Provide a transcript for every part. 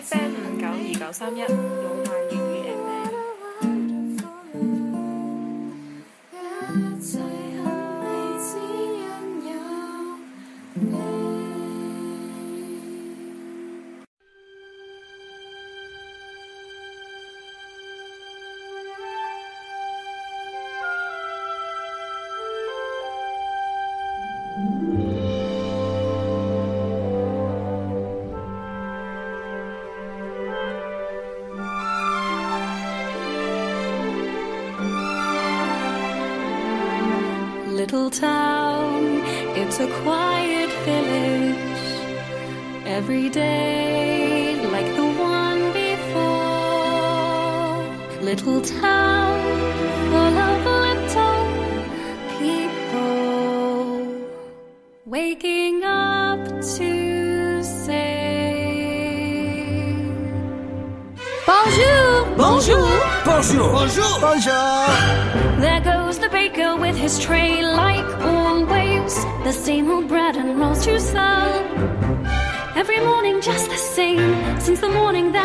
FM 五九二九三一。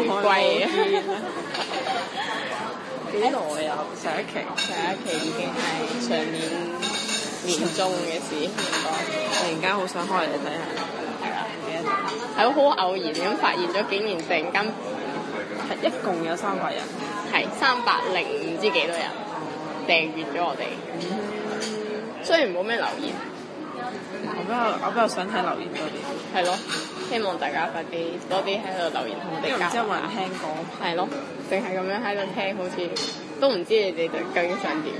貴啊！幾耐啊？ 上一期，上一期已經係上年年中嘅事。突然間好想開嚟睇下。係啊，好、嗯、偶然咁發現咗，竟然訂金係一共有三百人，係三百零唔知幾多人訂閱咗我哋。雖然冇咩留言。我比較我比較想睇留言多啲，係咯，希望大家快啲多啲喺度留言同我哋交即之前還聽講，係咯，淨係咁樣喺度聽好，好似都唔知你哋究竟想點？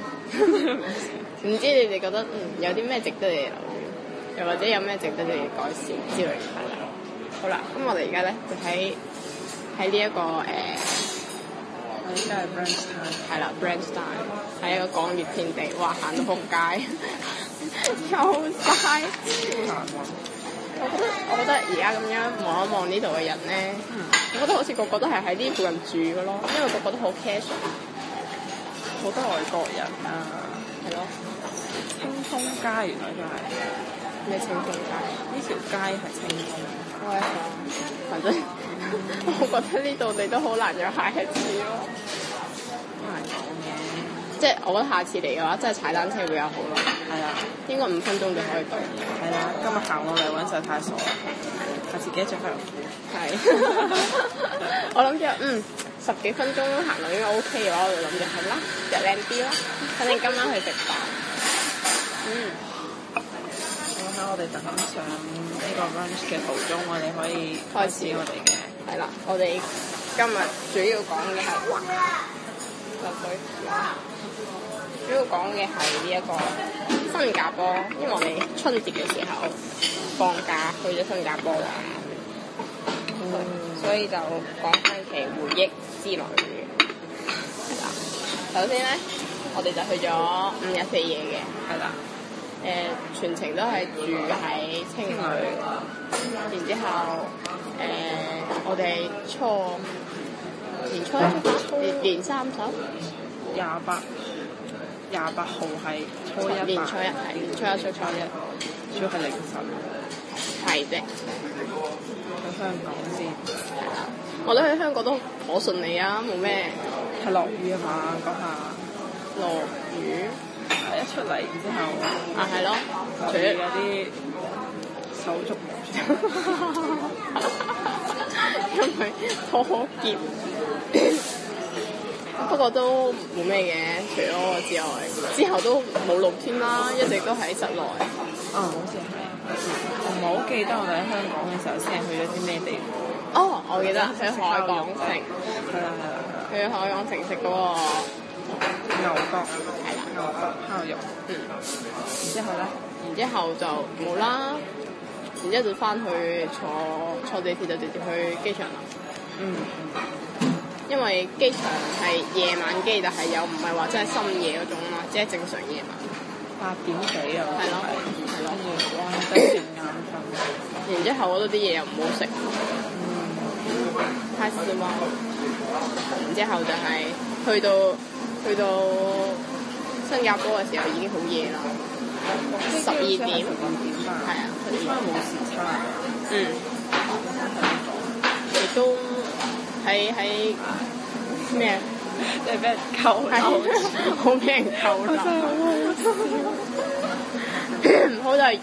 唔 知你哋覺得嗯有啲咩值得你留言，又或者有咩值得你哋改善之類嘅嘢？好啦，好啦，咁、這個呃、我哋而家咧就喺喺呢一個誒，係啦，Brand Style，喺一個港粵天地，嗯、哇， 行到撲街。 又曬，我覺得我覺得而家咁樣望一望呢度嘅人咧，我覺得好似個個都係喺呢附近住嘅咯，因為個個都好 casual，好多外國人啊，係咯，清風街原來都係咩清風街？呢條街係清風街，我係講，反正我覺得呢度你都好難有下一次咯，係咁嘅。即係我覺得下次嚟嘅話，真係踩單車會有好咯，係啦了，應該五分鐘就可以到。係啦，今日行落嚟揾晒太傻，下次幾多著去？係對， 我諗著嗯十幾分鐘行到應該 OK 嘅話，我就諗著好啦，着靚啲啦。肯定今晚去食飯，嗯。咁喺我哋等緊上呢個 lunch 嘅途中，我哋可以開始我哋。嘅。係啦，我哋今日主要講嘅係滑流水滑。主要講嘅係呢一個新加坡，因為我哋春節嘅時候放假去咗新加坡啊、嗯，所以就講翻期回憶之類嘅，係啦。首先咧，我哋就去咗五日四夜嘅，係啦。誒、呃，全程都係住喺青旅，清然之後誒，呃、我哋初年初一出發、嗯，年三十廿八。廿八號係初一，年初一係年初一，最初一，主要係凌晨。係的。去香港先。我覺得喺香港都好順利啊，冇咩。係落雨啊嘛嗰下。落雨。一出嚟之後。啊，係咯，除咗有啲手續。因為好好攪。不過都冇咩嘅，除咗我之外，之後都冇露天啦，一直都喺室內。哦、嗯，好似係。唔好記得我哋喺香港嘅時候，先係去咗啲咩地方？哦，我記得去海港城食食、嗰個。係啊股。去海港城食嗰個牛角股，係啦，牛角烤肉。嗯。然之後咧？然之後就冇啦。然之後就翻去坐坐地鐵，就直接去機場啦。嗯。因為機場係夜晚機，但係又唔係話真係深夜嗰種啊嘛，即係正常夜晚。八點幾啊？係咯的，係咯的，要算啱瞓。 然之後嗰度啲嘢又唔好食。嗯。嗯，太失望。然之後就係、是、去到去到新加坡嘅時候已經好夜啦，嗯嗯，十二點。係啊，翻翻冇時差啊。嗯。亦都，嗯。嗯嗯喺喺咩啊？即係俾人扣留 在， 好咩人扣留啊！好在誒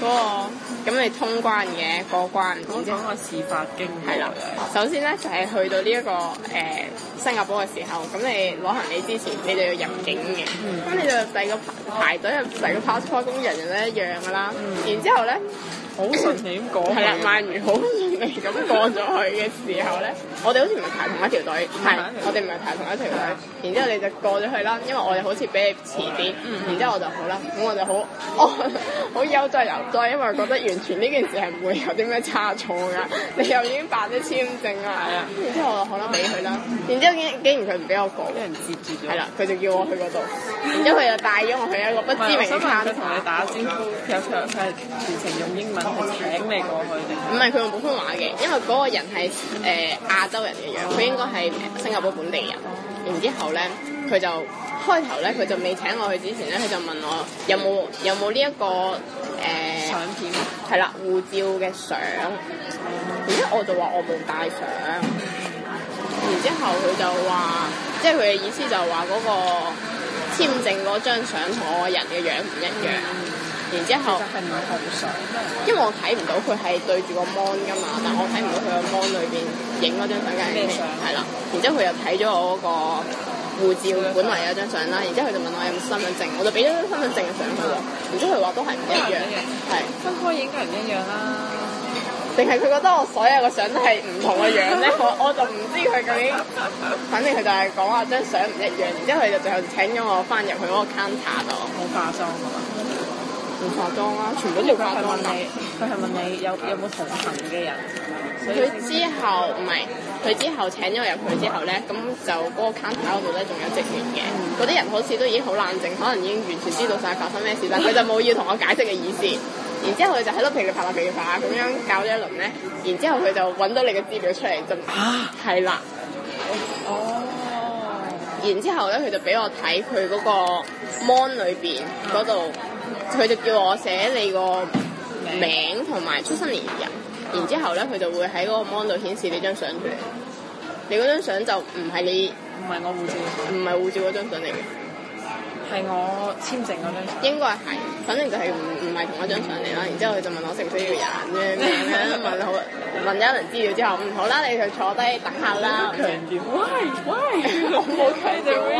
嗰個咁你通關嘅過、那個、關。我講個事發經過。係啦。首先咧就係、是、去到呢、這、一個誒、呃、新加坡嘅時候，咁你攞行李之前你就要入境嘅。咁你就第二個排隊、嗯、排隊入第二個 passport control，人都一樣噶啦。然之後咧。好順利咁過，係啦，慢魚好順利咁過咗去嘅時候咧，我哋好似唔係排同一條隊，係，我哋唔係排同一條隊，然之後你就過咗去啦，因為我哋好似比你遲啲，然之後我就好啦，咁我就好安，好悠哉悠哉，因為覺得完全呢件事係唔會有啲咩差錯㗎，你又已經辦咗簽證啊，係啦，然之後我就好啦，俾佢啦，然之後竟竟然佢唔俾我過，有人截住咗，係啦，佢就叫我去嗰度，然之後佢又帶咗我去一個不知名嘅餐廳，同你打招呼，有場佢全程用英文。請你過去。唔係佢用普通話嘅，因為嗰個人係誒、呃、亞洲人嘅樣，佢應該係新加坡本地人。然之後咧，佢就開頭咧，佢就未請我去之前咧，佢就問我有冇有冇呢一個誒、呃、相片，係啦護照嘅相。然之後我就話我冇帶相。然之後佢就話，即係佢嘅意思就話嗰個簽證嗰張相同我個人嘅樣唔一樣。Mm hmm. 然之後，因為我睇唔到佢係對住個 mon 噶嘛，但我睇唔到佢個 mon 裏邊影嗰張相咩相，係啦。然之後佢又睇咗我嗰個護照本嚟有張相啦。然之後佢就問我有冇身份證，我就俾咗張身份證嘅相佢咯。然之後佢話都係唔一樣，係分開影嘅唔一樣啦。定係佢覺得我所有嘅相都係唔同嘅樣咧？我我就唔知佢究竟，反正佢就係講話張相唔一樣。然之後佢就最後請咗我翻入去嗰個 counter 度，好化妝噶啦。唔化妝啦、啊，全部都要化妝、啊。佢問你，佢係問你有有冇同行嘅人？佢之後唔係，佢之後請咗我入去之後咧，咁就嗰個 counter 嗰度咧，仲有職員嘅。嗰啲人好似都已經好冷靜，可能已經完全知道晒發生咩事，但佢就冇要同我解釋嘅意思。然之後佢就喺度噼里啪啦、噼里啪啦咁樣搞咗一輪咧。然之後佢就揾到你嘅資料出嚟啫。就啊，係啦了。哦、oh.。然之後咧，佢就俾我睇佢嗰個 mon 裏邊嗰度。佢就叫我寫你個名同埋出生年月日，然之後咧，佢就會喺嗰個 mon 度顯示你張相出嚟。你嗰張相就唔係你，唔係我護照，唔係護照嗰張相嚟嘅，係我簽證嗰張。應該係，反正就係唔唔係同一張相嚟啦。然之後佢就問我需唔需要人？ 問好啫，咁樣問咗問一輪資料之後，唔好啦，你就坐低等下啦。喂！喂！Why? Why? 我冇 y w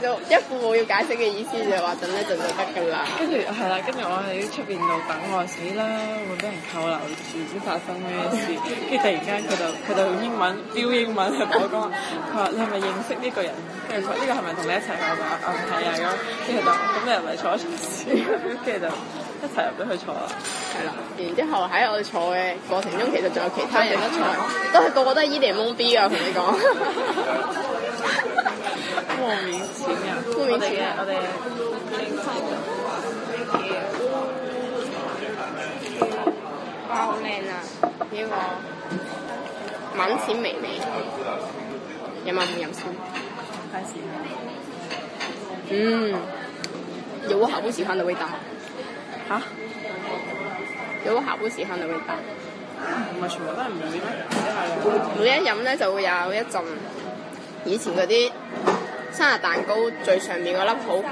一副冇要解釋嘅意思，就話等一陣就得噶啦。跟住係啦，跟住我喺出邊度等我死啦，會俾人扣留，唔知發生咩事。跟住 突然間佢就佢就用英文，標英文同我講，佢話你係咪認識呢個人？ 這個、是是，跟住呢個係咪同你一齊坐噶？啊係啊，跟住就咁，你又咪坐一齊先？跟住就一齊入咗去坐啦。係啦，然之後喺我哋坐嘅過程中，其實仲有其他人一齊，都係個個都係一臉懵逼啊！同你講。 莫名其妙。我哋我哋。哇，好靚啊！邊個？文淺微微。有冇飲先？暫時、啊。嗯，有我好不喜歡嘅味道。吓哈？有我好不喜歡嘅味道。嗯、每一飲咧就會有一陣以前啲。生日蛋糕最上面嗰粒好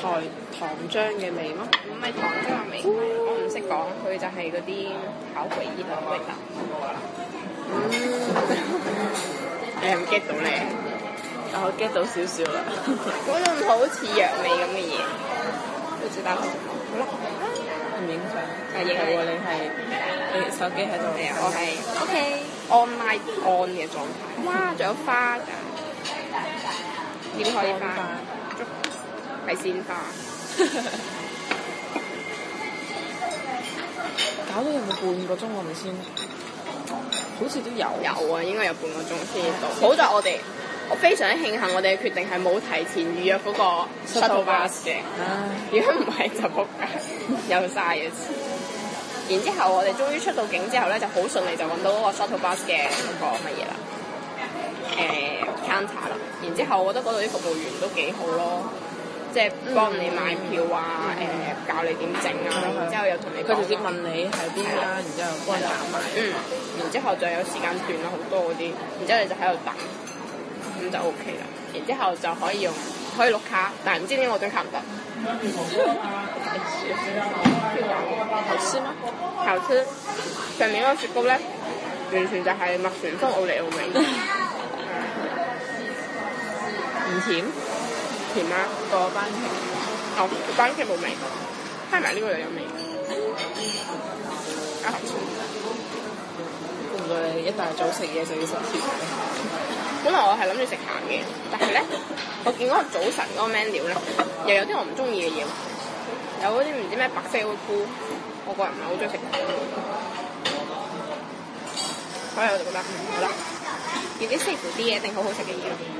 糖、嗯、糖漿嘅味麼？唔係、哦、糖漿嘅味，我唔識講，佢就係嗰啲巧克力嚟㗎。你係唔 get 到咧？我 get 到少少啦。嗰種好似藥味咁嘅嘢，都似得。好啦，唔影相。係喎，你係你手機喺度咩啊？我係 OK，on light on 嘅狀態。哇，仲有花㗎！鮮花，係鮮花。 搞咗有冇半個鐘我咪先，好似都有有啊，應該有半個鐘先到。好在、嗯、我哋，我非常之慶幸，我哋嘅決定係冇提前預約嗰個 shuttle bus 嘅， 如果唔係就仆街， 有晒嘢。然之後我哋終於出到境之後咧，就好順利就揾到 sh 個 shuttle bus 嘅嗰個乜嘢啦，誒、嗯。嗯參茶啦，然之後我覺得嗰度啲服務員都幾好咯，即係幫你買票啊，誒、嗯呃、教你點整啊，嗯、然之後又同你佢直接問你喺邊啦，然之後幫你買，然之後再有時間段啊，好多嗰啲，然之後你就喺度等，咁就 OK 啦，然之後就可以用可以碌卡，但係唔知點解我張卡唔得， 好吃嗎？好吃，上面嗰個雪糕咧，完全就係麥旋風奧利奧味。 唔甜，甜啦個番茄。哦，番茄冇味，加埋呢個又有味。啊！唔通，你一大早食嘢就要食甜嘅。本來我係諗住食鹹嘅，但係咧，我見嗰個早晨嗰個 menu 咧，又有啲我唔中意嘅嘢，有嗰啲唔知咩白色嘅菇，我個人唔係好中意食。所以我就覺得唔好啦，要啲辛苦啲嘢定好好食嘅嘢。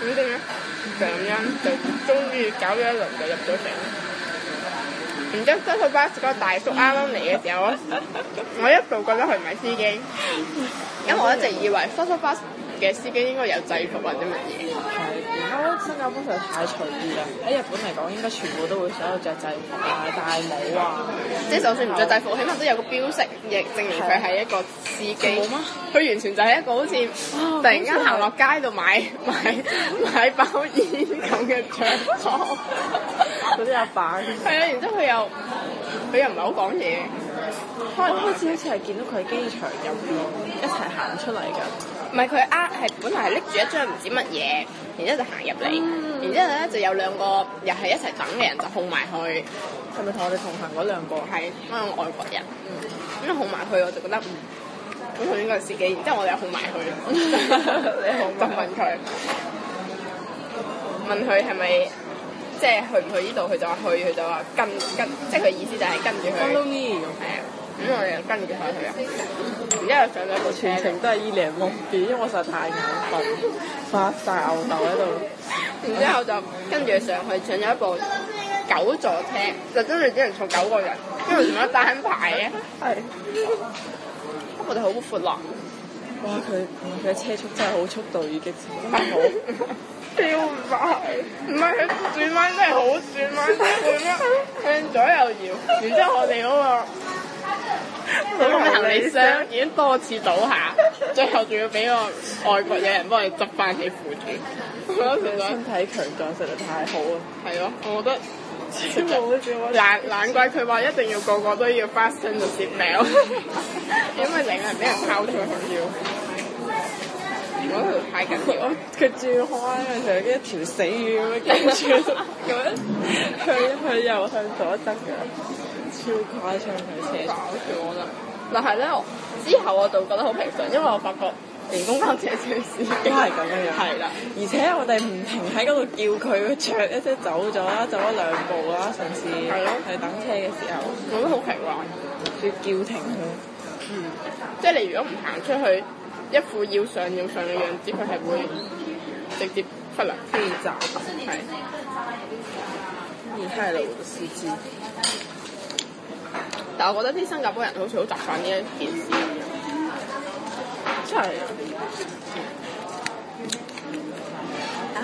唔咁點啊？就咁、嗯、樣就終於搞咗一輪就入咗城。然之後 shuttle bus 個大叔啱啱嚟嘅時候，我一度覺得佢唔係司機， 因為我一直以為 shuttle bus 嘅司機應該有制服或者乜嘢。新加坡成日太隨意啦！喺日本嚟講，應該全部都會着制服但但冇啊，戴帽啊，即係就算唔着制服，起碼都有個標識亦證明佢係一個司機。冇嗎？佢完全就係一個好似突然間行落街度買買買,買包煙咁嘅長頭。嗰啲阿伯。係啊、嗯，然之後佢又佢又唔係好講嘢。開開始好似係見到佢喺機場入邊一齊行 出嚟㗎。唔係佢呃，係本來係拎住一張唔知乜嘢，然之後就行入嚟，然之後咧就有兩個又係一齊等嘅人就哄埋佢，係咪同我哋同行嗰兩個係嗰個外國人，咁哄埋佢我就覺得，我同呢個司機，然之後我哋又哄埋佢， 你同要質問佢，問佢係咪即係去唔去呢度？佢就話去，佢就話跟跟，即係佢意思就係跟住佢。嗯嗯。咁、嗯、我哋又跟住上去啊！而家又上咗一部全程都係依零碌嘅，因為我實在太眼瞓，發晒吽哣喺度。然之後就跟住上去上咗一部九座車，就真係只能坐九個人，因為全部都單排是啊，係， 不過哋好闊落，哇！佢佢嘅車速真係好速度與激情咁好，超快！唔係佢轉彎真係好轉彎，轉彎向左又搖，然之後我哋嗰個。嗰個行李箱已經多次倒下， 最後仲要俾個外國嘅人幫佢執翻起附件。覺得身體強壯實在太好啦，係咯，我覺得超好笑。難怪，佢話一定要個個都要 fasten the seat belt, 因為你係俾人拋出去要。如果佢太緊要，佢 轉開就一條死魚咁樣跟住。咁樣向向右向左得㗎。超誇張佢車，但係咧，之後我就覺得好平常，因為我發覺連公交車車司機都係咁樣，係啦，而且我哋唔停喺嗰度叫佢，佢着一啲走咗啦，走咗兩步啦，上甚至係等車嘅時候，我都好奇怪，要叫停佢，嗯，即係你如果唔行出去，一副要上要上嘅樣子，佢係會直接發爛飛站，你害了我的司機。但係我覺得啲新加坡人好似好習慣呢一件事咁樣，真係。嗯啊、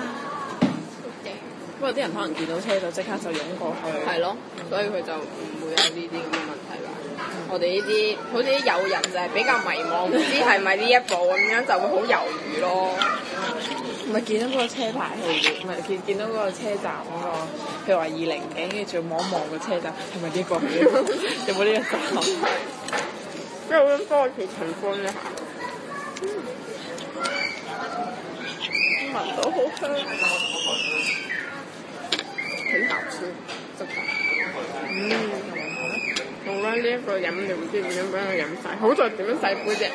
不過啲人可能見到車就即刻就湧過去，係咯，所以佢就唔會有呢啲咁嘅問題啦。我哋呢啲好似啲友人就係比較迷茫，唔 知係咪呢一步咁樣，會就會好猶豫咯。唔係見到嗰個車牌號嘅，唔係見見到嗰個車站嗰個，譬如話二零嘅，跟住仲要望一望個車站，係咪呢個？有冇啲嘢食？即係我想幫我哋尋歡一下、嗯，聞到好香，很好吃，嗯，好啦，呢一個飲料先，點樣俾佢飲晒。好在點樣洗杯啫，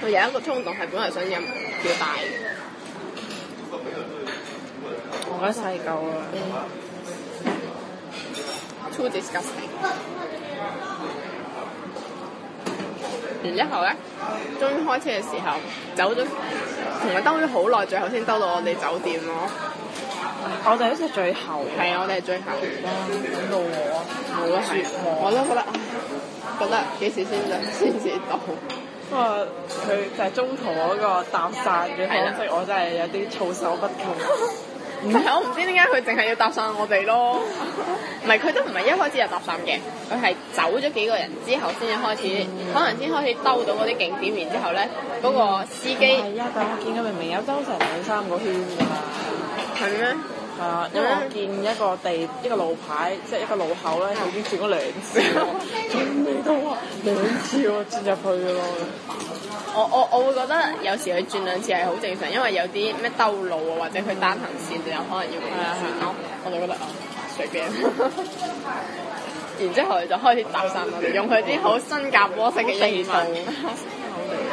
佢 有一個衝動係本來想飲。好大，我覺得細夠啊，too disgusting。然之後咧，終於開車嘅時候走咗，同埋兜咗好耐，最後先兜到我哋酒店咯。我哋好似係最後，係啊、嗯，我哋係最後。等到我，冇得說我都覺得， s us ur 覺得幾時先至先至到？ 佢就係中途嗰個搭訕嘅方式，的所以我真係有啲措手不及。係啊，我唔知點解佢淨係要搭訕我哋咯。唔係， 佢都唔係一開始就搭訕嘅，佢係走咗幾個人之後先至開始，嗯、可能先開始兜到嗰啲景點，然之後咧，嗰、嗰個司機係啊，但我見佢明明有兜成兩三個圈㗎嘛。係咩？係啊，uh, Yeah. 因為見一個地一個路牌，即係一個路口咧， 已經轉咗兩次咯，仲未到啊，兩次我轉入去咯。我我我會覺得有時佢轉兩次係好正常，因為有啲咩兜路啊，或者佢單行線就有可能要佢轉咯。Yeah, yeah. 我就覺得、啊、隨便， 然之後就開始搭訕我哋，用佢啲好新加坡式嘅英文。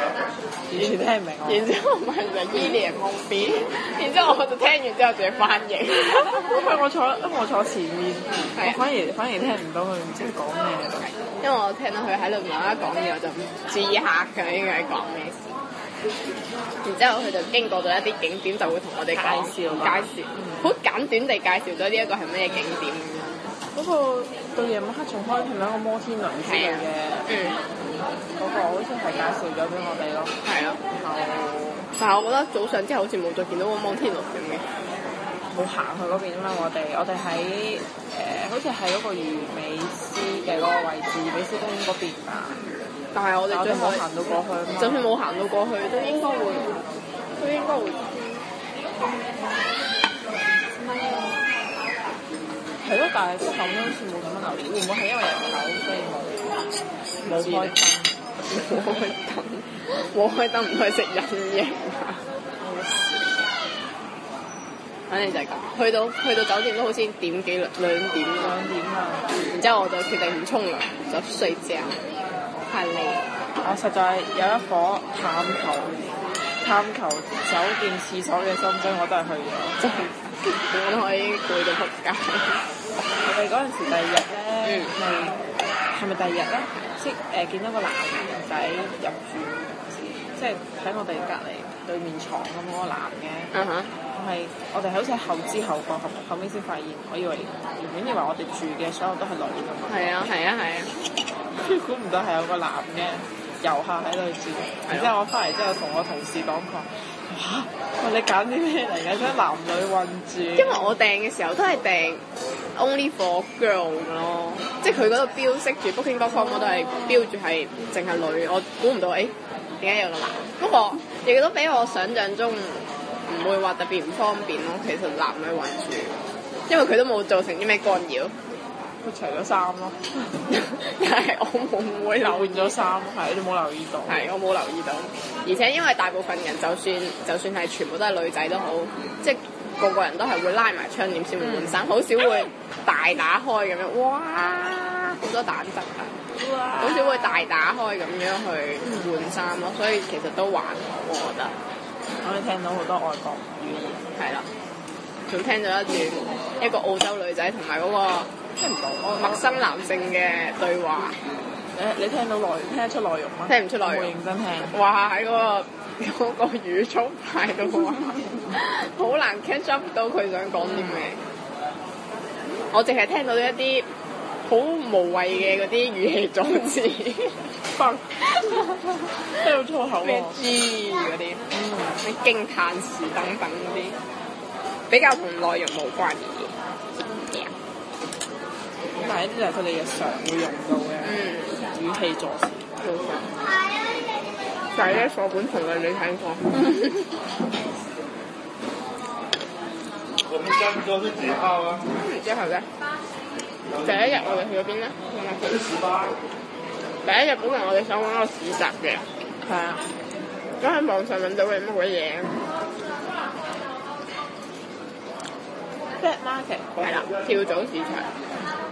完全聽唔明。 然之後咪就一臉懵逼。然之後我就聽完之後就要翻譯。唔 係 我坐，因我坐前面。 對我反而反而聽唔到佢即係講咩。因為我聽到佢喺度唔單單講嘢，我就注意下佢應該講咩事。然之後佢就經過咗一啲景點，就會同我哋介紹介紹，好簡短地介紹咗呢一個係咩景點。嗯嗰個到夜晚黑重開，係咪一個摩天輪之類嘅？嗯，嗰個好似係介紹咗俾我哋咯，係、嗯、啊，然後，但係我覺得早上之後好似冇再見到個摩天輪咁嘅，冇行去嗰邊啊嘛，我哋我哋喺誒好似係嗰個魚尾獅嘅嗰個位置，美斯東嗰邊啊。但係我哋最好行到過去，就算冇行到過去，都應該會，都應該會。嗯嗯嗯。係咯，但係後面好似冇咁留意。會唔會係因為人口所 以冇？冇開燈，冇開燈，冇開燈，唔開食隱形。反正就係咁。去到去到酒店都好似點幾兩點兩點啦。點然之後我就決定唔沖涼，就睡正。係。我、啊、實在有一顆探求，探求酒店廁所嘅心聲，我都係去咗，真係我都可以攰到仆街。我哋嗰陣時第二日咧，係咪第二日咧、呃？即誒見到個男仔入住即時，喺、嗯、哼我哋隔離對面牀咁嗰個男嘅。嗯哼。係我哋好似後知後覺，後後面先發現，我以為原本以為我哋住嘅所有都係女嘅嘛。係啊，係啊，係啊。估唔 到係有個男嘅遊客喺度住，然的之後我翻嚟之後同我同事講過。嚇！你揀啲咩嚟嘅？即係男女混住。因為我訂嘅時候都係訂 only for girl 咯，即係佢嗰度標識住、oh. booking.com Book, 都係標住係淨係女。我估唔到，哎、欸，點解有個男？不過亦都比我想像中唔會話特別唔方便咯。其實男女混住，因為佢都冇造成啲咩干擾。除咗衫咯， 但係我冇唔會留意咗衫，係都冇留意到。係我冇留意到，而且因為大部分人就算就算係全部都係女仔都好，嗯、即係個個人都係會拉埋窗簾先會換衫，好、嗯、少會大打開咁樣，哇，好哇多蛋汁啊！好哇少會大打開咁樣去換衫咯，所以其實都還好，我覺得。可以聽到好多外國語言，係啦，仲聽咗一段一個澳洲女仔同埋嗰個。聽唔到，哦、陌生男性嘅對話。誒，你聽到內聽得出內容嗎？聽唔出內容。我認真聽。哇，喺嗰、嗰個嗰個語速快到好難 catch up 到佢想講啲咩。嗯、我淨係聽到一啲好無謂嘅嗰啲語氣助詞，講聽到粗口。咩 G 嗰啲，嗯、驚歎詞等等嗰啲，比較同內容無關嘅第一啲就係佢哋日常會用到嘅嗯，語氣助詞，係啊！但係咧課本圖嘅你睇過。我哋今周係幾號啊？嗯， 之後咧， 第一日我哋去咗邊咧？去咗市巴。第一日本來我哋想玩個市集嘅。係啊，都喺網上揾到嘅乜鬼嘢 Black market，係啦了， 跳蚤市場。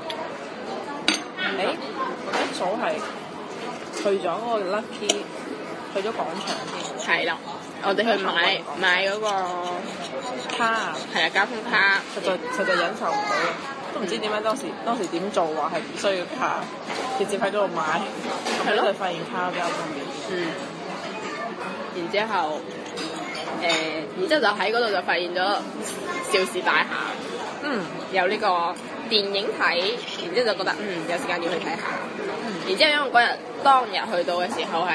誒、欸，我一早係去咗嗰個 Lucky，去咗廣場先。係啦了，我哋去買買嗰個卡。係啊，交通卡實在實在忍受唔到，都唔知點解當時、嗯、當時點做話係唔需要卡，直接喺嗰度買。係咯了。都係發現卡比較方便。嗯。然之後，誒、呃，然之後就喺嗰度就發現咗邵氏大廈。嗯，有呢、這個。電影睇，然之後就覺得嗯，有時間要去睇下。然之後因為嗰日當日去到嘅時候係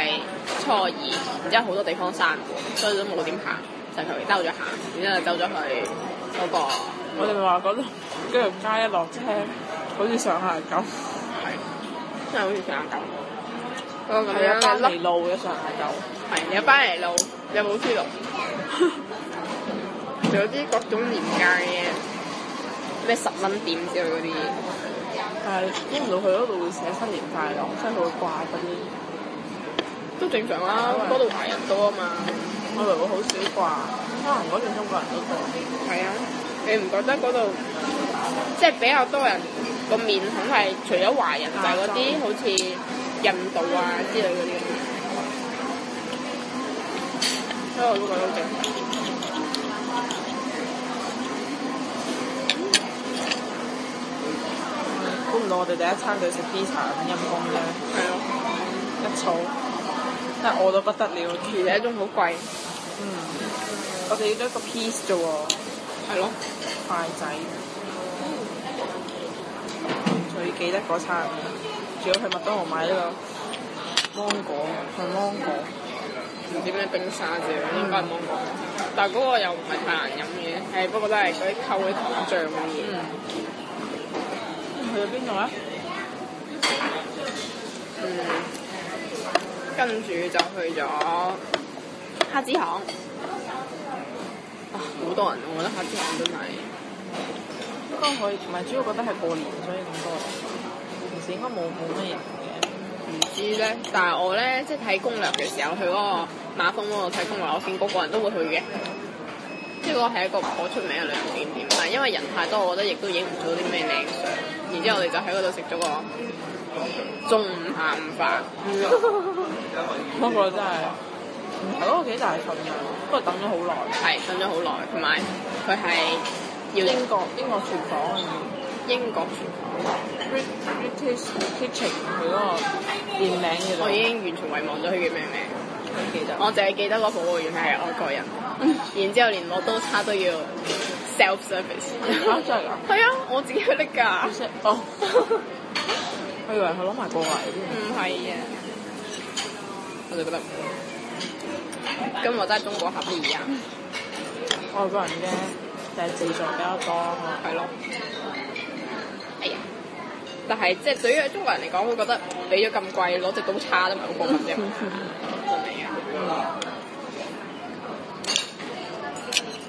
初二，然之後好多地方閂喎，所以都冇點行，就求其兜咗行。然之後兜咗去嗰、嗰個。我哋咪話嗰啲金融街一落車，好似上，上，上下九，係真係好似上下九。係啊，有翻嚟路嘅上下九，係有翻嚟路，有冇輸路？ 有啲各種年界嘅。咩十蚊點之類嗰啲，但係估唔到佢嗰度會寫新年快樂，即係佢會掛嗰啲，都正常啦、啊，嗰度因為 華人多啊嘛，嗯、我以為會好少掛，可能嗰陣中國人都多。係啊、嗯，嗯嗯、你唔覺得嗰度即係比較多人個面孔係除咗華人就，就係嗰啲好似印度啊之類嗰啲？哦、嗯，原來有嘅。估唔到我哋第一餐就食 pizza 咁陰功咧，的一燥，真係餓到不得了。其實一種好貴，嗯，嗯我哋要咗一個 piece 咋喎？係咯的，筷仔子。最記得嗰餐，仲要去麥當勞買呢個芒果，係芒果，唔知咩冰沙啫，嗯、應該係芒果。嗯、但係嗰個又唔係太難飲嘅，係不過都係嗰啲溝啲糖漿咁嘅。嗯嗯。去到邊度咧？跟住、嗯、就去咗哈芝巷，好、啊、多人，我覺得哈芝巷真係，應該可以，唔係主要覺得係過年所以咁多人。平時應該冇冇咩嘢嘅，唔知咧。但係我咧即係睇攻略嘅時候去嗰個馬蜂窩度睇攻略，我見個個人都會去嘅，即係嗰係一個好出名嘅旅遊景點，但係因為人太多，我覺得亦都影唔到啲咩靚相。然之後我，我哋就喺嗰度食咗個中午下午飯。不過真係，我覺得幾大份㗎，不過等咗好耐。係等咗好耐，同埋佢係要英國英國廚房，英國廚房。British kitchen，佢嗰個店名嘅。cycling 我已經完全遺忘咗佢叫咩名。唔記得。我淨係記得，記得個服務員係外國人， 然之後連我刀叉都要。self service 係啊，真係㗎！係啊，我自己去拎㗎。哦，我以為佢攞埋過嚟添。唔係啊，我就覺得跟我在中國係唔一樣。外國人咧就自助比較多，係咯。哎呀，但係即係對於中國人嚟講，會覺得俾咗咁貴攞隻刀叉都唔係好過分啫。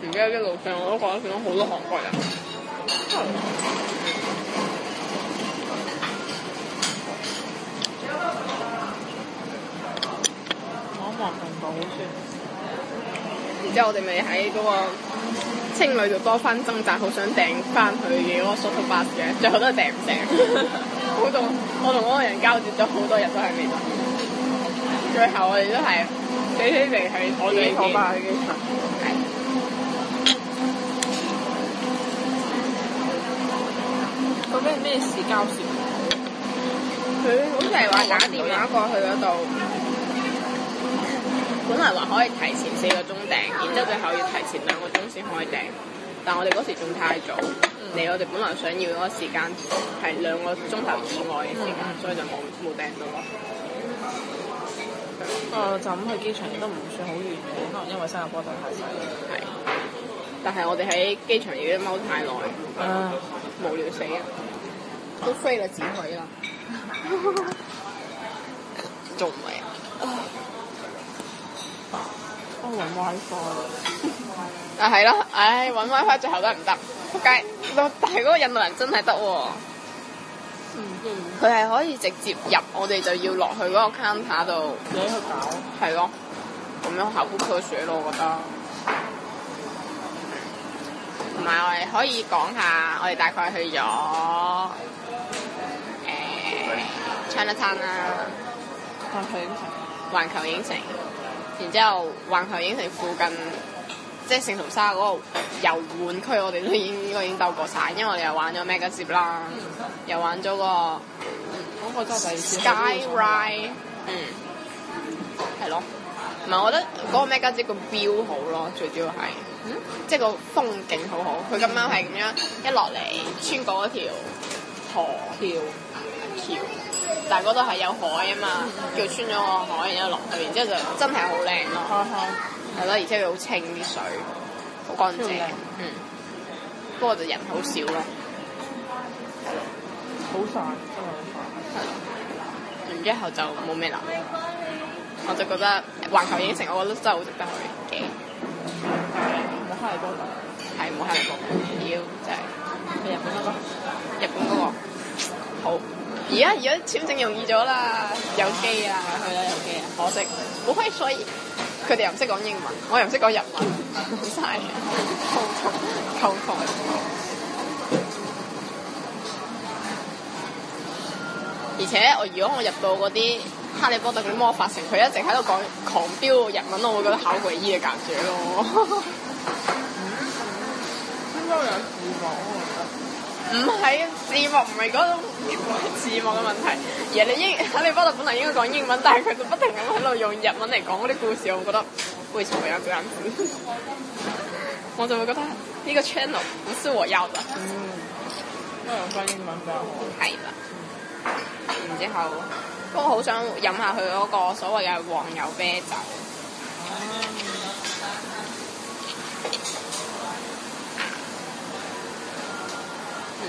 而家啲路上我都覺得見到好多韓國人。嗰陣仲堵車，然之後我哋咪喺嗰個青旅度多番掙扎，好想掟翻去嘅嗰個 shuttle bus 嘅，最後都係掟唔成。 我同我同嗰個人交接咗好多日都係未到。最後我哋都係死死地喺我哋嘅火巴嘅嗰啲係咩事交涉？佢、嗯、好似係話打電話過去嗰度， 本來話可以提前四個鐘訂，然之後最後要提前兩個鐘先可以訂，但係我哋嗰時仲太早，嚟、嗯、我哋本來想要嗰個時間係兩個鐘頭以外嘅時間，嗯、所以就冇冇訂到咯。啊， 就咁去機場都唔算好遠，可能因為新加坡都太細。係，但係我哋喺機場已經踎太耐，啊、無聊死。都睡咗幾回啦，仲、哎、未？啊，我揾 WiFi，啊係咯，唉，揾 WiFi 最後都唔得？仆街，但係嗰個印度人真係得喎，佢係、嗯嗯、可以直接入，我哋就要落去嗰個 counter 度，自己去搞，係咯， 咁樣好開水咯，我覺得。唔係，可以講下，我哋大概去咗 China Town 啦，環球影城，環球影城，然之後環球影城附近，即係聖淘沙嗰度遊玩區，我哋都應該已經鬥過晒，因為我哋又玩咗 MegaZip 啦，又玩咗個 Skyride，嗯，係咯，唔係我覺得嗰個 MegaZip 個標好咯，最主要係，嗯，即係個風景好好，佢今晚係咁樣一落嚟穿過一條河橋。嗯橋，但嗰度係有海啊嘛，叫穿咗個海，然之後落去，然之後就真係好靚咯，係咯， 而且佢好清啲水，好乾淨，美嗯。不過就人好少咯，好散，真係好散。係咯，然之後就冇咩啦，我就覺得環球影城，我覺得真係好值得去嘅。唔好開太多，係唔好開太多，就係日本嗰個，日本嗰個好。而家而家簽證容易咗啦、嗯嗯，有機啊，去到有機，可惜好，喔，所以，佢哋又唔識講英文，我又唔識講日文，好嘥，溝通溝通。而且我如果我入到嗰啲哈利波特嘅魔法城，佢一直喺度講狂飆日文，我會覺得好詭異嘅感覺咯。咁多人住房唔係字幕唔係嗰種字幕嘅問題，人哋英哈利波特本嚟應該講英文，但係佢就不停咁喺度用日文嚟講嗰啲故事，我覺得為什麼要咁樣子？ 我就會覺得呢個 channel 不是我要嘅。嗯，因為我講英文比較好。係啦。然之後，不過好想飲下佢嗰個所謂嘅黃油啤酒。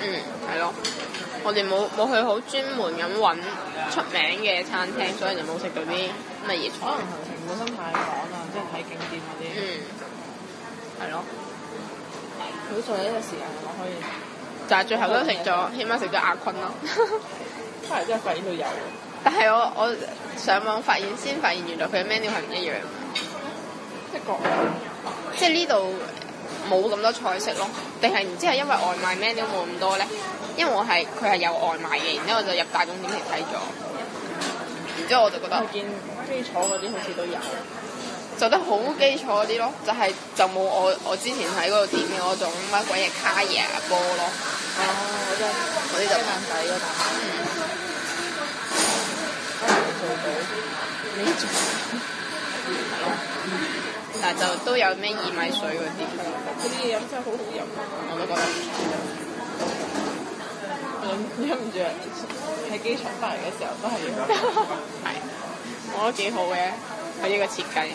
嗯，係咯，我哋冇冇去好專門咁揾出名嘅餐廳，所以就冇食到啲乜嘢菜。可能行程本身太趕啦，即係睇景點嗰啲。嗯，係咯，好在一個時候我可以，但係最後都食咗，起碼食咗阿坤咯。翻嚟之後發現佢有，但係我我上網發現先發現原來佢嘅 menu 係唔一樣，即係講，即係呢度。冇咁多菜式咯，定係唔知係因為外賣咩 e n 冇咁多咧？因為我係佢係有外賣嘅，然之後我就入大眾點嚟睇咗，然之後我就覺得。見基礎嗰啲好似都有，做得好基礎嗰啲咯，就係、是、就冇我我之前喺嗰個店嘅嗰種乜鬼嘢卡野波咯。哦，我真嗰啲就偏細咯，但係、嗯。都 但就都有咩薏米水嗰啲，佢啲嘢飲真係好好飲，我都覺得。忍唔住喺機場翻嚟嘅時候都係，係， 我覺得幾好嘅，佢、這、呢個設計。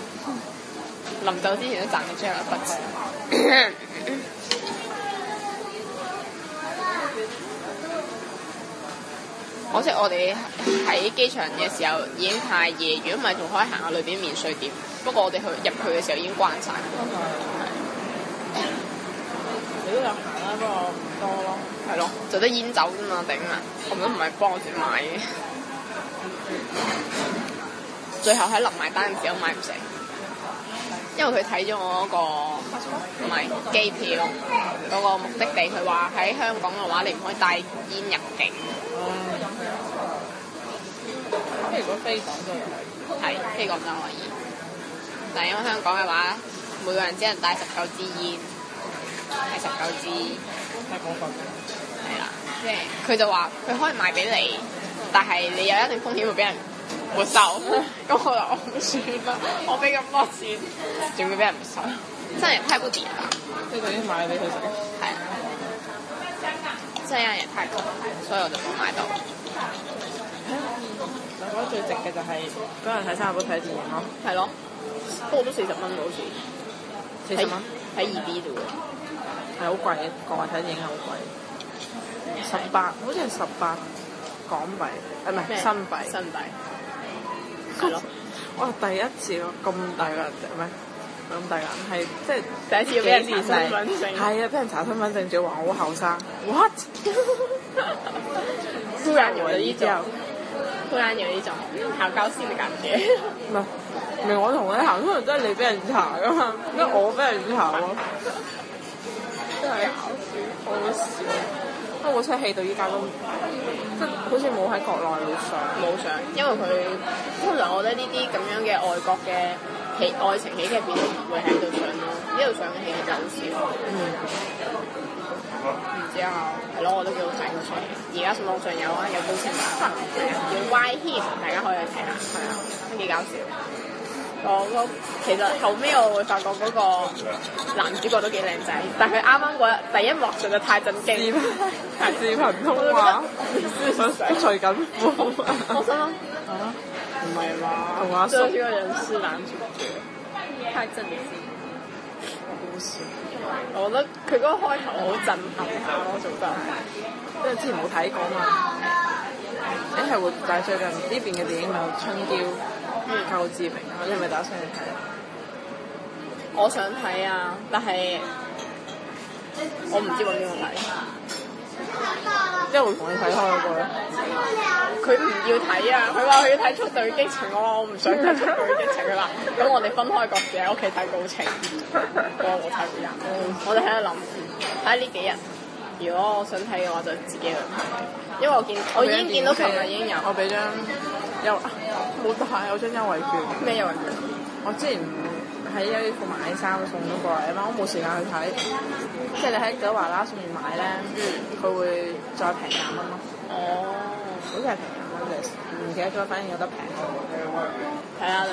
臨走之前都賺咗出嚟一筆錢。可惜我哋喺機場嘅時候已經太夜，如果唔係仲可以行下裏邊免稅店。不過我哋去入去嘅時候已經關晒，嗯、的你都有行啦、啊，不過多咯。係咯，就得煙酒㗎嘛，頂啊！我唔都唔係幫住買嘅。最後喺立埋單嘅時候買唔成，因為佢睇咗我嗰、那個唔係機票嗰、那個目的地，佢話喺香港嘅話你唔可以帶煙入境。咁、嗯嗯、如果飛港都係，係飛港唔得可以。但因為香港嘅話，每個人只能帶十九支煙，係十九支。太過分嘅。係啦，即係佢就話佢可以賣俾你，但係你有一定風險會俾人沒收。咁 我就算啦，我俾咁多錢，點會俾人沒收？真係 太不廉價。即係直接買俾佢食。係啊。真係啊！人太貴，所以我就冇買到、嗯。我覺得最值嘅就係嗰日喺新加坡睇電影呵。係咯。多咗四十蚊好似四十蚊喺二 B 度喎，係好貴嘅，國外睇電影係好貴。十八，好似係十八港幣，啊唔係新幣。新幣係咯，我第一次咁大個，唔係咁大個，係即係第一次要俾人查身份證，係啊，俾人查身份證仲要話我好後生，What？突然有一種，突然有一種好高興嘅感覺。明係我同你行，可能都係你俾人查咁啊！咩我俾人查咯？真係考試好少，不過啲戲到依家都即係好似冇喺國內上，冇上，因為佢通常我覺得呢啲咁樣嘅外國嘅喜愛情喜劇片會喺度上咯，呢度上嘅戲就好少。嗯。然之後係咯，我都幾好睇個《愛情》，而家網上有啊，有高清版，有 Y 軒，大家可以去睇下，係啊，都幾搞笑。我、哦、其實後尾我會發覺嗰個男主角都幾靚仔，但係佢啱啱第一幕實在太震驚，太普 通話我。徐錦富，嚇私？唔係嘛？最中意嗰個人是男主角，太震驚。故事，我覺得佢嗰開頭好震撼咯，下我做得、啊，因為之前冇睇過嘛。 你係喎，但、欸、最近呢邊嘅電影有春嬌《春嬌》《救志明》，你係咪打算去睇啊？嗯、我想睇啊，但係我唔知搵邊個睇，即係會同你睇開嗰，那個咧。佢唔 要睇啊，佢話佢要睇速度與激情，我話我唔想睇速度與激情，佢話咁我哋分開各自喺屋企睇高清。我冇睇到呀，嗯、我哋喺度諗，喺呢幾日如果我想睇嘅話，就自己去睇。因為我見，我已經見到佢啊，已經有。我俾張優，冇帶、啊，有張優惠券。咩優惠券？我之前喺 A P P 買衫送咗過嚟啊嘛，我冇時間去睇。即係你喺九華啦上面買咧，佢會再平廿蚊咯。哦，好似係平廿蚊唔記得咗？反正有得平睇下，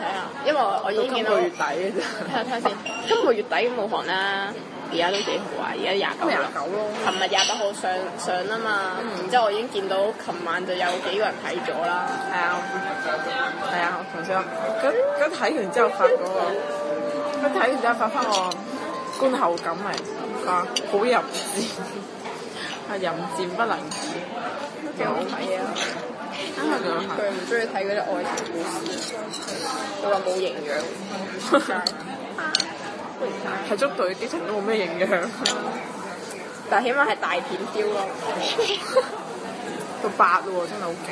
睇下，因為我我已經見到。今個月底嘅啫。睇下先。今個月底冇房啦。而家都幾好啊！而家廿九廿九咯。琴日廿八號上上啦嘛，然之後我已經見到，琴晚就有幾個人睇咗啦。係啊，係啊，我同事，佢咁睇完之後發嗰個，佢睇完之後發翻我觀後感嚟，講好淫賤，係淫賤不能移。幾好睇啊！佢唔中意睇嗰啲愛情故事，佢話冇營養。 睇足隊啲嘢都冇咩影響，嗯、但起碼係大片雕咯。六八喎，真係好勁！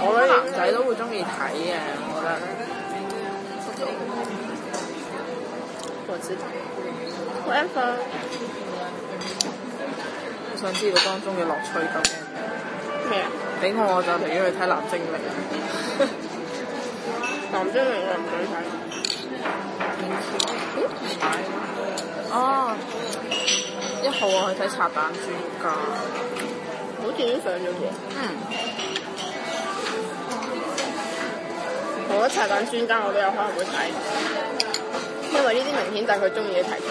我覺得男仔都會中意睇嘅，我覺得。我知，Whatever 我想知道當中嘅樂趣係咩？咩啊麼？俾我，我就係因去睇《藍 精靈》男精力。藍精靈唔想睇。嗯、哦，一號我係睇拆彈專家，好似都上咗嘅。嗯。同《拆彈專家》我都有可能會睇，因為呢啲明顯就係佢中意嘅題材。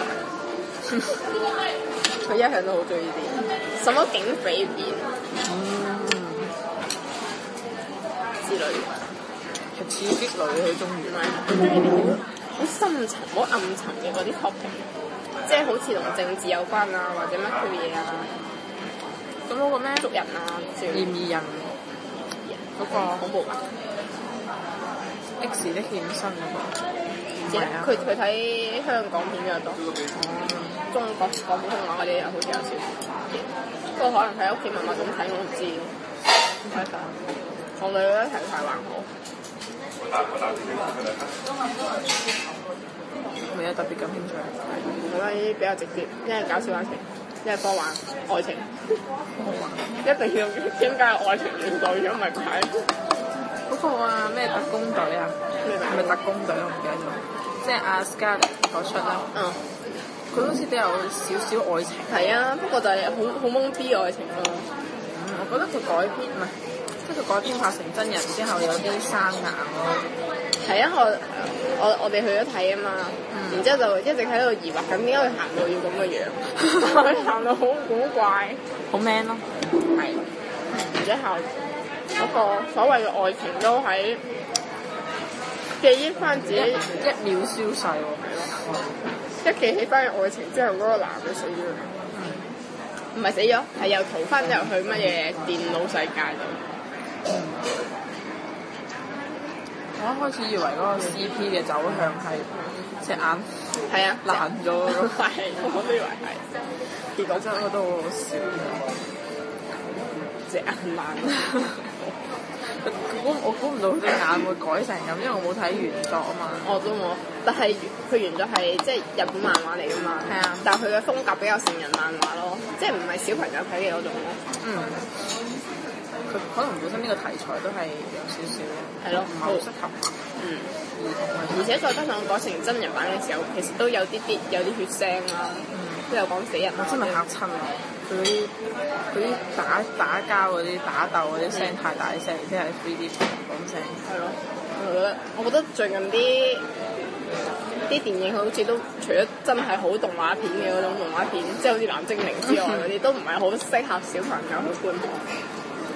佢 一向都好中意啲什麼警匪片、嗯、之類，係刺激類佢中意。 好深層，好暗層嘅嗰啲 topic，即係好似同政治有關啊，或者乜嘢啊。咁嗰個咩？捉人啊！嫌疑人嗰、嗰個恐怖㗎。X 的獻身嗰唔係啊！佢佢睇香港片比較多。中國講普通話嗰啲又好似有少少。不過都可能喺屋企默默咁睇，我唔知。唔睇曬。我女咧一齊一齊還好。冇有特別感興趣，我覺得比較直接，因為搞笑愛情，因為科幻愛情，一定要點解有愛情元素，而唔係鬼？嗰個啊咩特工隊啊，係咪特工隊我唔記得咗，即係阿 Scar 出啦。嗯、哦，佢好似都有少少愛情。係、嗯、啊，不過就係好好懵逼嘅愛情咯。嗯、我覺得佢改編唔係。即係改編化成真人之後有啲生硬咯，係啊！我我我哋去咗睇啊嘛，然之後就一直喺度疑惑緊點解佢行路要咁嘅樣，行路好古怪， 好 man 咯、啊，係，然、那個 啊、之後嗰個所謂嘅愛情都喺記憶翻自己一秒消逝喎，係咯，一記起翻嘅愛情之後，嗰個男嘅死咗，唔係死咗，係又逃翻入去乜嘢電腦世界度。嗯，我一開始以為嗰個 CP 嘅走向係隻眼係啊爛咗嗰塊， 我以為，結果真係 我都笑咗，隻眼爛。我估我估唔到隻眼會改成咁，因為我冇睇原作啊嘛。我都冇，但係佢原作係即係日本漫畫嚟噶嘛。係啊，但係佢嘅風格比較成人漫畫咯，即係唔係小朋友睇嘅嗰種咯。嗯。可能本身呢個題材都係有少少咯，係咯的，唔係好適合。嗯，看看而且再加上改成真人版嘅時候，其實都有啲啲有啲血腥啊，都有講死人，真係嚇親啊！佢啲佢啲打打交嗰啲打鬥嗰啲聲太大聲，即係 3D 場景。係咯、嗯，我覺得我覺得最近啲啲電影好似都除咗真係好動畫片嘅嗰種動畫片，即係好似《藍精靈》之外，啲 都唔係好適合小朋友去觀看。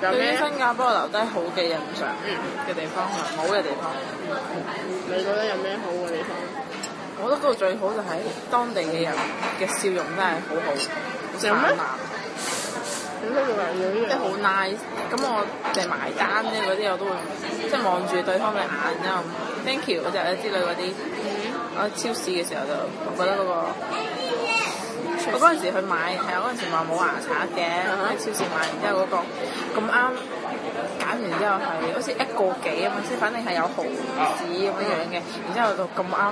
對於新加坡留低好嘅印象，嗯嘅地方好嘅地方，你覺得有咩好嘅地方？我覺得嗰度最好就係當地嘅人嘅笑容真係好好，好親、嗯、即係好 nice、嗯。咁我哋埋單咧嗰啲我都會，即係望住對方嘅眼，然之後 thank you 嗰隻啊之類嗰啲。嗯、我喺超市嘅時候就覺得嗰、那個。我嗰陣時去買係啊，嗰陣時話冇牙刷嘅，喺、嗯、哼超市買，然之後嗰個咁啱揀完之後係、那個、好似一個幾吖嘛，先，反正係有毫子咁樣樣嘅，然之後就咁啱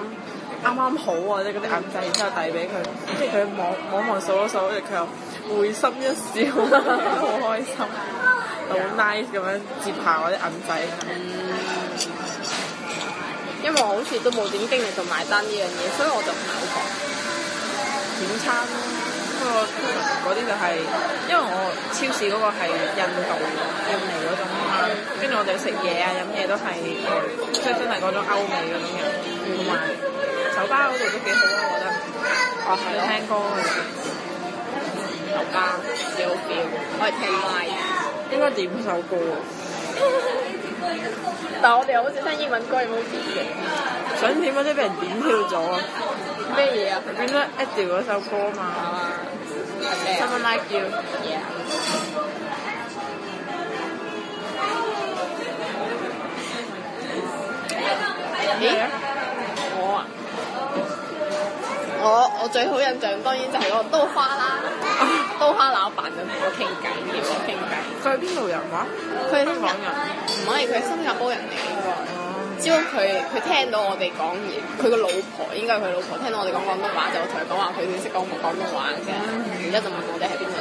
啱啱好啊！即嗰啲銀仔，然之後遞俾佢，即係佢望望望數一數，跟住佢又會心一笑，好 開心，好 nice 咁樣接下我啲銀仔。嗯、因為我好似都冇點經歷做埋單呢樣嘢，所以我就唔係好講。點餐嗰、那個嗰啲就係、是，因為我超市嗰個係印度印尼嗰種，跟住我哋食嘢啊飲嘢都係，即係、嗯嗯、真係嗰種歐美嗰種人，同埋酒吧嗰度都幾好啊，我覺得。我要、嗯哦、聽歌啊！酒吧幾好叫，我係聽埋。應該點首歌？ 但係我哋又好似聽英文歌，有冇注意？想點嗰啲俾人點跳咗啊！ 咩嘢啊？邊度？Adele 嗰首歌嘛？Someone Like You。咦？我啊？我我最好印象當然就係嗰個刀花啦。 刀花老闆就同我傾偈，同我傾偈。佢係邊度人啊？佢係香港人。唔可以佢係新加坡人嚟應該。只要佢佢聽到我哋講嘢，佢個老婆應該係佢老婆，聽到我哋講廣東話就同佢講話，佢識講廣廣東話嘅，然之後就問我哋喺邊度，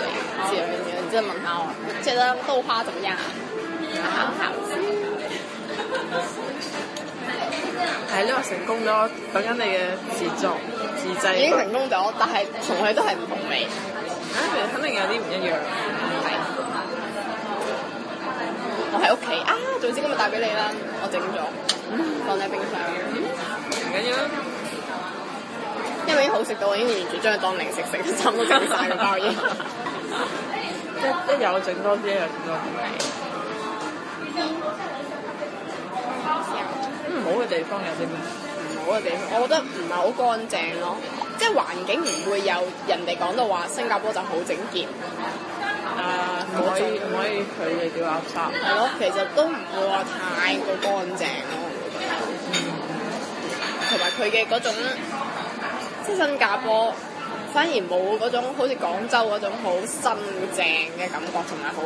即係咁樣，然之後問下我覺得豆花點樣啊？好好食。係因為成功咗講緊你嘅自作自製。已經成功咗，但係從來都係唔同味。啊，肯定有啲唔一樣。係。我喺屋企啊，總之今日帶俾你啦，我整咗。放喺冰箱，唔緊要啦。因為已經好食到，我已經完全將佢當零食食，針都食曬個包煙。一一有整多啲，一有整多啲。唔好嘅地方有啲咩？唔好嘅地方，我覺得唔係好乾淨咯。即係環境唔會有人哋講到話新加坡就好整潔啊。唔可以唔可以佢哋叫垃圾？係咯，其實都唔會話太過乾淨咯。同埋佢嘅嗰種，即係新加坡反而冇嗰種好似廣州嗰種好新淨嘅感覺，同埋好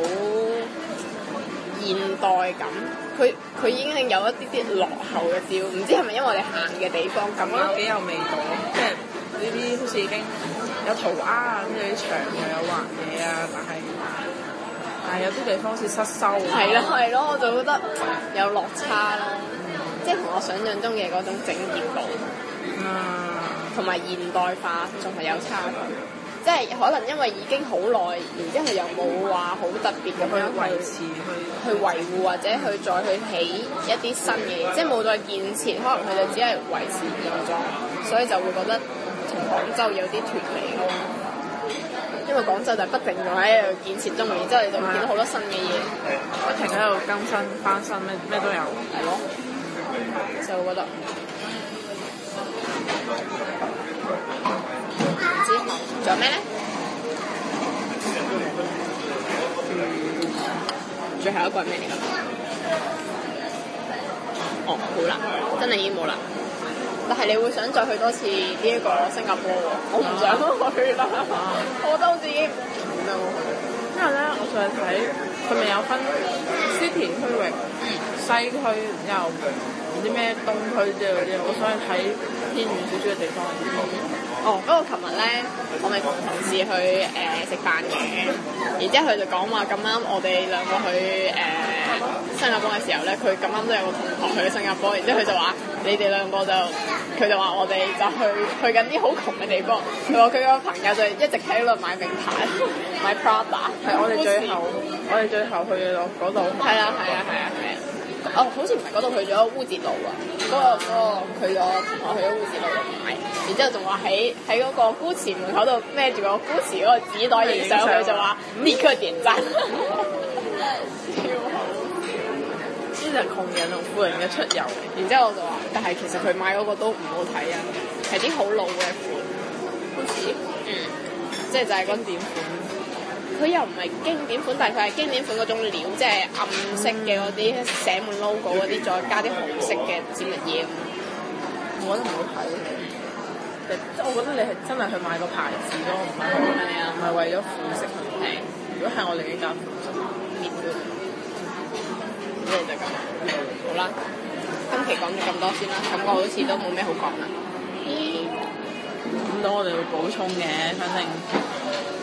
現代感。佢佢已經有一啲啲落後嘅 feel，唔知係咪因為我哋行嘅地方咁樣？幾有，有味道，即係呢啲好似已經有塗鴉啊，咁樣啲牆又有畫嘢啊，但係但係有啲地方好似失修。係咯係咯，我就覺得有落差啦。即係同我想象中嘅嗰種整潔度，同埋、嗯、現代化仲係有差距。即係可能因為已經好耐，而一係又冇話好特別咁樣維持去、嗯、去維護，嗯、或者去再去起一啲新嘅，嗯、即係冇再建設。可能佢哋只係維持現狀，所以就會覺得同廣州有啲脱離咯。因為廣州就不停咁喺度建設中，嗯、然之後你就會見到好多新嘅嘢，嗯、不停喺度更新翻新，咩咩都有，係咯、嗯。就嗰度，唔知仲有咩咧、嗯？最後一個係咩嚟噶？哦，好啦，真係已經冇啦。但係你會想再去多次呢、這、一個新加坡喎？我唔想去啦， 我都自己似已因為咧，我上次睇佢咪有分 city 區域，西區又。啲咩東區之類啲，我想去睇偏遠少少嘅地方。哦，不過琴日咧，我咪同同事去誒食、呃、飯嘅，然之後佢就講話咁啱我哋兩個去誒、呃、新加坡嘅時候咧，佢咁啱都有個同學去新加坡，然之後佢就話：你哋兩個就佢就話我哋就去去緊啲好窮嘅地方。佢話佢個朋友就一直喺度買名牌，買 Prada。係，我哋最後我哋最後去到嗰度。係啊！係啊！係啊！係啊！哦，好似唔係嗰度去咗烏節路啊，嗰、嗰個嗰、嗰個佢、嗰個同學、嗰個嗰個、去咗烏節路度買，然之後仲話喺喺嗰個 Gucci 門口度孭住個 Gucci 嗰個紙袋而上去，就話立刻點贊，嗯、 超好！呢就窮人同富人嘅出遊。」 然之後我就話，但係其實佢買嗰個都唔好睇啊，係啲好老嘅款，Gucci，嗯，即係就係嗰款。佢又唔係經典款，但係佢係經典款嗰種料，即係暗色嘅嗰啲寫滿 logo 嗰啲，再加啲紅色嘅唔知乜嘢，嗯、我覺得唔好睇。即係我覺得你係真係去買個牌子咯，唔係唔係為咗款式去評。嗯、如果係我嚟講，面料咩就咁好啦。今期講咗咁多先啦，感覺好似都冇咩好講啦。咁到、嗯嗯、我哋會補充嘅，反正。